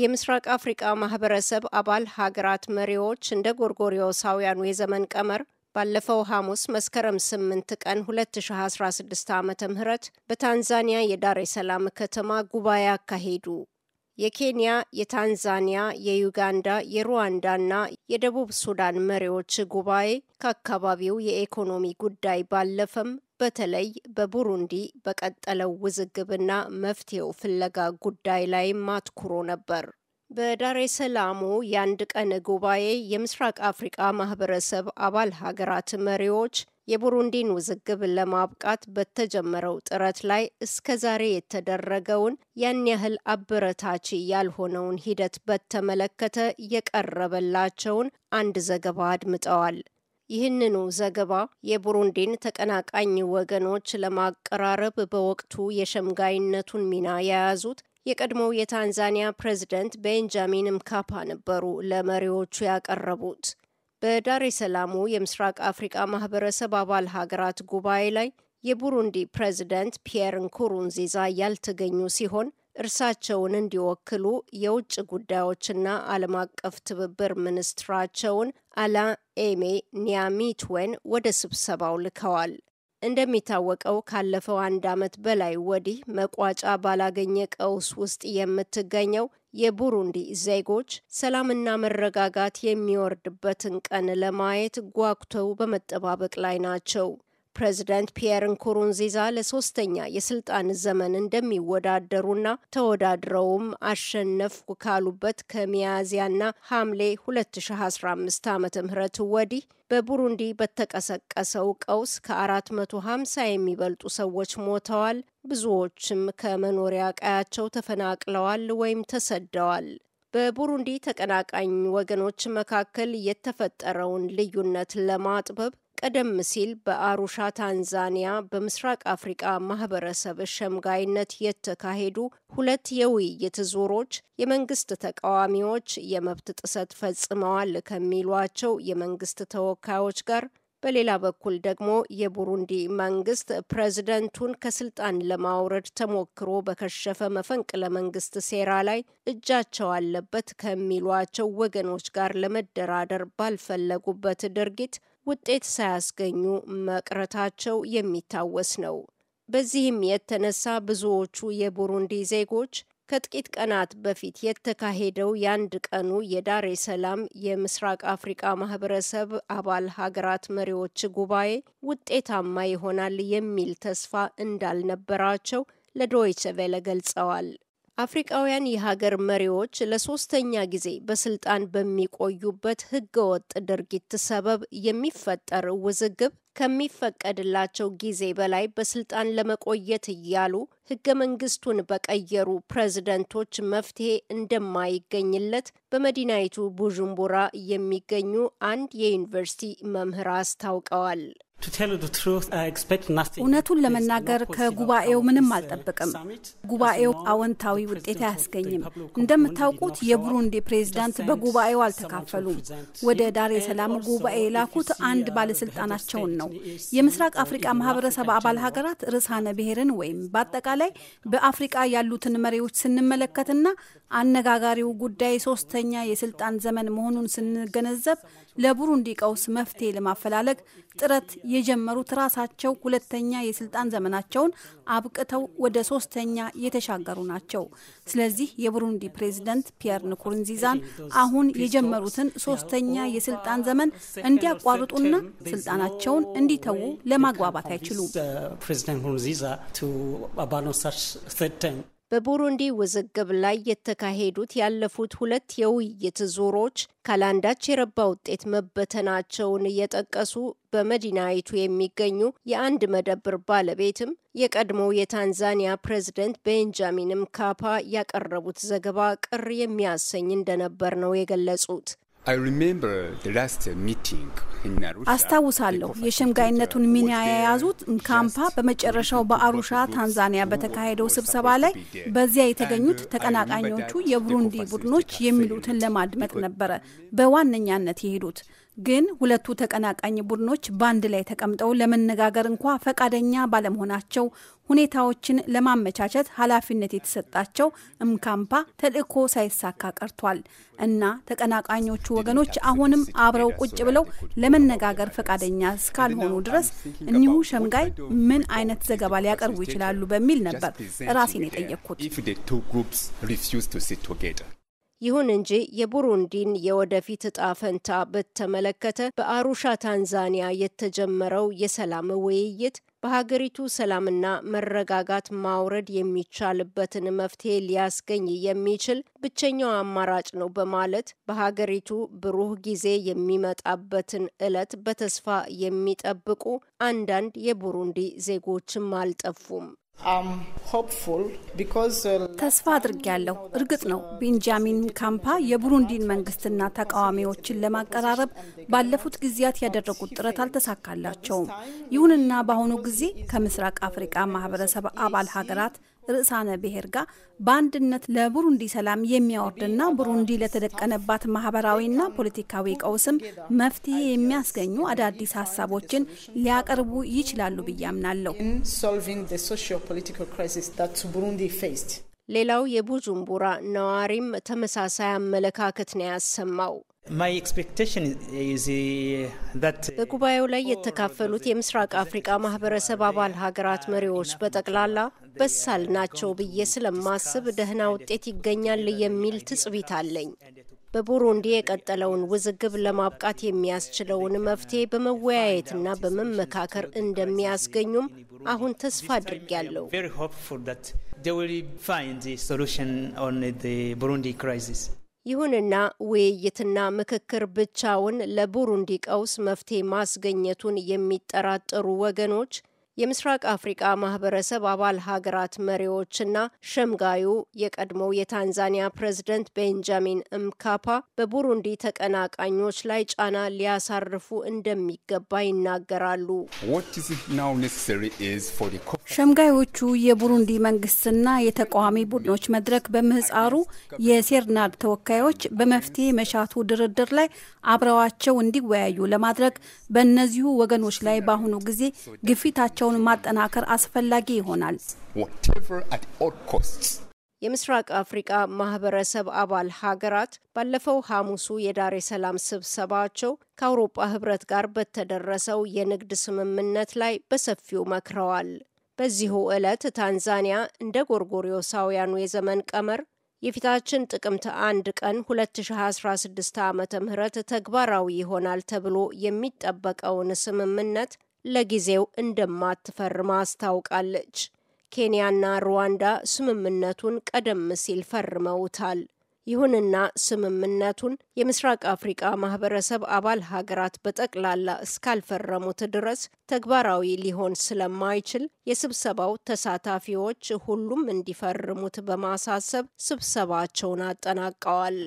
የምስራቅ አፍሪቃ ማህበረሰብ አባል ሀገራት መሪዎች እንደ ጎርጎሪዮሳውያኑ የዘመን ቀመር ባለፈው ሐሙስ መስከረም 8 ቀን 2016 ዓ ም በታንዛኒያ የዳሬ ሰላም ከተማ ጉባኤ አካሄዱ። የኬንያ፣ የታንዛኒያ፣ የዩጋንዳ፣ የሩዋንዳ እና የደቡብ ሱዳን መሪዎች ጉባኤ ከአካባቢው የኢኮኖሚ ጉዳይ ባለፈም በተለይ በቡሩንዲ በቀጠለው ውዝግብና መፍትሄው ፍለጋ ጉዳይ ላይ ማትኩሮ ነበር። በዳሬ ሰላሙ የአንድ ቀን ጉባኤ የምስራቅ አፍሪቃ ማህበረሰብ አባል ሀገራት መሪዎች የቡሩንዲን ውዝግብ ለማብቃት በተጀመረው ጥረት ላይ እስከ ዛሬ የተደረገውን ያን ያህል አበረታች ያልሆነውን ሂደት በተመለከተ የቀረበላቸውን አንድ ዘገባ አድምጠዋል። ይህንኑ ዘገባ የቡሩንዲን ተቀናቃኝ ወገኖች ለማቀራረብ በወቅቱ የሸምጋይነቱን ሚና የያዙት የቀድሞው የታንዛኒያ ፕሬዝደንት ቤንጃሚን ምካፓ ነበሩ ለመሪዎቹ ያቀረቡት። በዳሬ ሰላሙ የምስራቅ አፍሪቃ ማህበረሰብ አባል ሀገራት ጉባኤ ላይ የቡሩንዲ ፕሬዝደንት ፒየር ንኩሩንዚዛ ያልተገኙ ሲሆን እርሳቸውን እንዲወክሉ የውጭ ጉዳዮችና ዓለም አቀፍ ትብብር ሚኒስትራቸውን አላ ኤሜ ኒያሚትዌን ወደ ስብሰባው ልከዋል። እንደሚታወቀው ካለፈው አንድ ዓመት በላይ ወዲህ መቋጫ ባላገኘ ቀውስ ውስጥ የምትገኘው የቡሩንዲ ዜጎች ሰላምና መረጋጋት የሚወርድበትን ቀን ለማየት ጓጉተው በመጠባበቅ ላይ ናቸው። ፕሬዚዳንት ፒየር ንኩሩንዚዛ ለሶስተኛ የስልጣን ዘመን እንደሚወዳደሩና ተወዳድረውም አሸነፍኩ ካሉበት ከሚያዝያና ሐምሌ 2015 ዓ ም ወዲህ በቡሩንዲ በተቀሰቀሰው ቀውስ ከ450 የሚበልጡ ሰዎች ሞተዋል፣ ብዙዎችም ከመኖሪያ ቀያቸው ተፈናቅለዋል ወይም ተሰደዋል። በቡሩንዲ ተቀናቃኝ ወገኖች መካከል የተፈጠረውን ልዩነት ለማጥበብ ቀደም ሲል በአሩሻ ታንዛኒያ በምስራቅ አፍሪቃ ማህበረሰብ ሸምጋይነት የተካሄዱ ሁለት የውይይት ዙሮች የመንግስት ተቃዋሚዎች የመብት ጥሰት ፈጽመዋል ከሚሏቸው የመንግስት ተወካዮች ጋር በሌላ በኩል ደግሞ የቡሩንዲ መንግስት ፕሬዝደንቱን ከስልጣን ለማውረድ ተሞክሮ በከሸፈ መፈንቅለ መንግስት ሴራ ላይ እጃቸው አለበት ከሚሏቸው ወገኖች ጋር ለመደራደር ባልፈለጉበት ድርጊት ውጤት ሳያስገኙ መቅረታቸው የሚታወስ ነው። በዚህም የተነሳ ብዙዎቹ የቡሩንዲ ዜጎች ከጥቂት ቀናት በፊት የተካሄደው የአንድ ቀኑ የዳሬ ሰላም የምስራቅ አፍሪቃ ማህበረሰብ አባል ሀገራት መሪዎች ጉባኤ ውጤታማ ይሆናል የሚል ተስፋ እንዳልነበራቸው ለዶይቸ ቬለ ገልጸዋል። አፍሪቃውያን የሀገር መሪዎች ለሶስተኛ ጊዜ በስልጣን በሚቆዩበት ህገወጥ ድርጊት ሰበብ የሚፈጠር ውዝግብ ከሚፈቀድላቸው ጊዜ በላይ በስልጣን ለመቆየት እያሉ ህገ መንግስቱን በቀየሩ ፕሬዝደንቶች መፍትሄ እንደማይገኝለት በመዲናይቱ ቡዥምቡራ የሚገኙ አንድ የዩኒቨርሲቲ መምህር አስታውቀዋል። እውነቱን ለመናገር ከጉባኤው ምንም uh, አልጠብቅም። ጉባኤው አዎንታዊ ውጤት አያስገኝም። እንደምታውቁት የቡሩንዲ ፕሬዚዳንት በጉባኤው አልተካፈሉም። ወደ ዳሬ ሰላም ጉባኤ የላኩት አንድ uh, ባለስልጣናቸውን ነው። የምስራቅ አፍሪቃ ማህበረሰብ አባል ሀገራት ርዕሳነ ብሔርን ወይም በአጠቃላይ በአፍሪቃ ያሉትን መሪዎች ስንመለከትና አነጋጋሪው ጉዳይ ሶስተኛ የስልጣን ዘመን መሆኑን ስንገነዘብ ለቡሩንዲ ቀውስ መፍትሄ ለማፈላለግ ጥረት የጀመሩት ራሳቸው ሁለተኛ የስልጣን ዘመናቸውን አብቅተው ወደ ሶስተኛ የተሻገሩ ናቸው። ስለዚህ የቡሩንዲ ፕሬዚደንት ፒየር ንኩሩንዚዛን አሁን የጀመሩትን ሶስተኛ የስልጣን ዘመን እንዲያቋርጡና ስልጣናቸውን እንዲተዉ ለማግባባት አይችሉም። በቡሩንዲ ውዝግብ ላይ የተካሄዱት ያለፉት ሁለት የውይይት ዙሮች ካላንዳች የረባ ውጤት መበተናቸውን እየጠቀሱ በመዲናይቱ የሚገኙ የአንድ መደብር ባለቤትም የቀድሞው የታንዛኒያ ፕሬዝደንት ቤንጃሚን ምካፓ ያቀረቡት ዘገባ ቅር የሚያሰኝ እንደነበር ነው የገለጹት። አስታውሳለሁ የሸምጋይነቱን ሚና የያዙት ካምፓ በመጨረሻው በአሩሻ ታንዛኒያ በተካሄደው ስብሰባ ላይ በዚያ የተገኙት ተቀናቃኞቹ የቡሩንዲ ቡድኖች የሚሉትን ለማድመጥ ነበረ በዋነኛነት የሄዱት። ግን ሁለቱ ተቀናቃኝ ቡድኖች በአንድ ላይ ተቀምጠው ለመነጋገር እንኳ ፈቃደኛ ባለመሆናቸው ሁኔታዎችን ለማመቻቸት ኃላፊነት የተሰጣቸው እምካምፓ ተልዕኮ ሳይሳካ ቀርቷል እና ተቀናቃኞቹ ወገኖች አሁንም አብረው ቁጭ ብለው ለመነጋገር ፈቃደኛ እስካልሆኑ ድረስ እኒሁ ሸምጋይ ምን አይነት ዘገባ ሊያቀርቡ ይችላሉ በሚል ነበር ራሴን የጠየቅኩት። ይሁን እንጂ የቡሩንዲን የወደፊት እጣ ፈንታ በተመለከተ በአሩሻ ታንዛኒያ የተጀመረው የሰላም ውይይት በሀገሪቱ ሰላምና መረጋጋት ማውረድ የሚቻልበትን መፍትሄ ሊያስገኝ የሚችል ብቸኛው አማራጭ ነው በማለት በሀገሪቱ ብሩህ ጊዜ የሚመጣበትን ዕለት በተስፋ የሚጠብቁ አንዳንድ የቡሩንዲ ዜጎችም አልጠፉም። Uh, ተስፋ አድርጌያለሁ። እርግጥ ነው ቤንጃሚን ካምፓ የቡሩንዲን መንግስትና ተቃዋሚዎችን ለማቀራረብ ባለፉት ጊዜያት ያደረጉት ጥረት አልተሳካላቸውም። ይሁንና በአሁኑ ጊዜ ከምስራቅ አፍሪቃ ማህበረሰብ አባል ሀገራት ርዕሳነ ብሔር ጋር በአንድነት ለቡሩንዲ ሰላም የሚያወርድና ቡሩንዲ ለተደቀነባት ማህበራዊና ፖለቲካዊ ቀውስም መፍትሄ የሚያስገኙ አዳዲስ ሀሳቦችን ሊያቀርቡ ይችላሉ ብዬ አምናለሁ። ሌላው የቡጁምቡራ ነዋሪም ተመሳሳይ አመለካከት ነው ያሰማው። Uh, uh, በጉባኤው ላይ የተካፈሉት የምስራቅ አፍሪቃ ማህበረሰብ አባል ሀገራት መሪዎች በጠቅላላ በሳል ናቸው ብዬ ስለማስብ ደህና ውጤት ይገኛል የሚል ትጽቢት አለኝ። በቡሩንዲ የቀጠለውን ውዝግብ ለማብቃት የሚያስችለውን መፍትሄ በመወያየትና በመመካከር እንደሚያስገኙም አሁን ተስፋ አድርጊያለሁ። ይሁንና ውይይትና ምክክር ብቻውን ለቡሩንዲ ቀውስ መፍትሄ ማስገኘቱን የሚጠራጠሩ ወገኖች የምስራቅ አፍሪቃ ማህበረሰብ አባል ሀገራት መሪዎችና ሸምጋዩ የቀድሞው የታንዛኒያ ፕሬዝደንት ቤንጃሚን እምካፓ በቡሩንዲ ተቀናቃኞች ላይ ጫና ሊያሳርፉ እንደሚገባ ይናገራሉ። ሸምጋዮቹ የቡሩንዲ መንግስትና የተቃዋሚ ቡድኖች መድረክ በምህፃሩ የሴርናድ ተወካዮች በመፍትሄ መሻቱ ድርድር ላይ አብረዋቸው እንዲወያዩ ለማድረግ በእነዚሁ ወገኖች ላይ በአሁኑ ጊዜ ግፊታቸው መሆናቸውን ማጠናከር አስፈላጊ ይሆናል። የምስራቅ አፍሪቃ ማህበረሰብ አባል ሀገራት ባለፈው ሐሙሱ የዳሬ ሰላም ስብሰባቸው ከአውሮፓ ህብረት ጋር በተደረሰው የንግድ ስምምነት ላይ በሰፊው መክረዋል። በዚሁ ዕለት ታንዛኒያ እንደ ጎርጎሪዮሳውያኑ የዘመን ቀመር የፊታችን ጥቅምት አንድ ቀን 2016 ዓ ም ተግባራዊ ይሆናል ተብሎ የሚጠበቀውን ስምምነት ለጊዜው እንደማትፈርም አስታውቃለች። ኬንያና ሩዋንዳ ስምምነቱን ቀደም ሲል ፈርመውታል። ይሁንና ስምምነቱን የምስራቅ አፍሪቃ ማህበረሰብ አባል ሀገራት በጠቅላላ እስካልፈረሙት ድረስ ተግባራዊ ሊሆን ስለማይችል የስብሰባው ተሳታፊዎች ሁሉም እንዲፈርሙት በማሳሰብ ስብሰባቸውን አጠናቀዋል።